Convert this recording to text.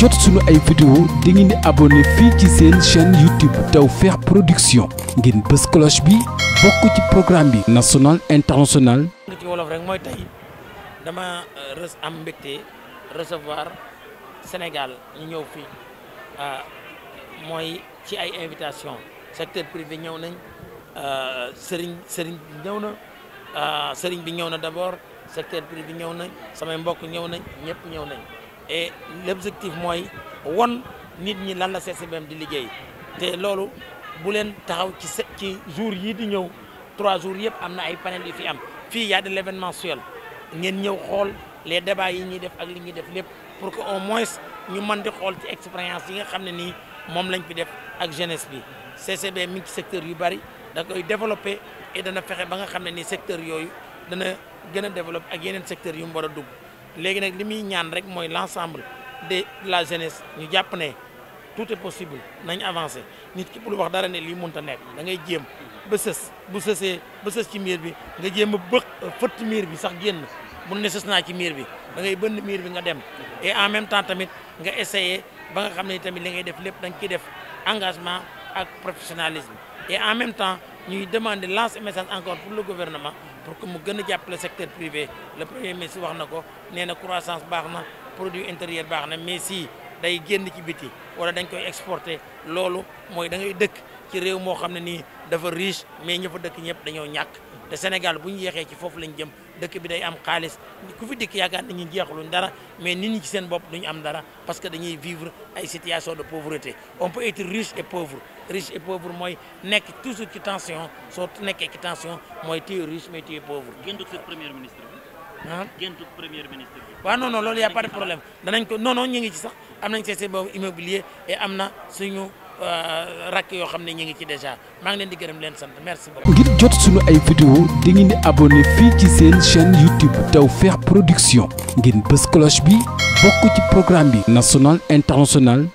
jot suñu ay vidéo da ngeen di abonné fii ci seen chaîne YouTube Tawfekh Production ngeen bës cloche bi bokk ci programme bi national international ci wolof rek mooy tey dama euh, res am mbégte recevoir Sénégal ñu ñëw fii euh, mooy ci ay invitation secteur privé ñëw nañ euh, sëriñ sëriñ bi ñëw na sëriñ bi ñëw na d'abord secteur privé ñëw nañ samay mbokk ñëw nañ ñëpp ñëw nañ et l'objectif mooy won nit ñi lan la CCBM di liggéey te loolu bu leen taxaw ci se ci jour yii di ñëw trois jours yëpp am na ay panel yu fi am fii y a de l'événementiel ngeen ñëw xool les débats yi ñuy def ak li ñuy def lépp pour que au moins ñu man di xool ci expérience yi nga xam ne nii moom lañ fi def ak jeunesse bi CCB mi ngi ci secteur yu bari da koy développer dana fexe ba nga xam ne ni secteur yooyu dana gën a développer ak yeneen secteurs yu mu war a dugg léegi nag li muy ñaan rek mooy l'ensemble de la jeunesse ñu jàpp ne tout est possible nañ avancer nit ki bul wax dara ne lii mënut a da ngay jéem ba sës bu sësee ba sës ci miir bi nga jéem a bëq fëtt miir bi sax génn bu ne sës naa ci miir bi da ngay bënn miir bi nga dem et en même temps tamit nga essayer ba nga xam ne tamit li ngay def lépp da nga ciy def engagement ak professionnalisme e en même temps ñuy demander lancer message encore pour le gouvernement pour que mu gën a jàppale secteur privé le premier ministre wax na ko nee na croissance baax na produit intérieur baax na mais si day génn ci biti wala dañ koy exporter loolu mooy dangay dëkk ci réew moo xam ne nii dafa riche mais ñëpp dëkk ñëpp dañoo ñàkk te Sénégal buñu yeexee ci foofu lañ jëm dëkk bi day am xaalis ku fi dikk yaakaar nañu jeexaluñ dara mais nit ñi ci seen bopp duñu am dara parce que dañuy vivre ay situation de pauvreté on peut être riche et pauvre riche et pauvre mooy nekk toujours ci tension soo nekkee ci tension mooy tu es riche mais tu es pauvre. génn premier ministre ah loolu y' a pas de problème danañ ko non non ñu ngi ci sax am nañ seen seen boobu immobilier et am na suñu. Euh, rakk yoo xam ne ñu ngi ci déjà maa ngi leen di gërëm leen sant merci beaucoup. ngir jot suñu ay vidéo di ngeen di abonné fii ci seen chaîne YouTube Tawfekh Production ngeen bës cloche bi bokk ci programme bi national international.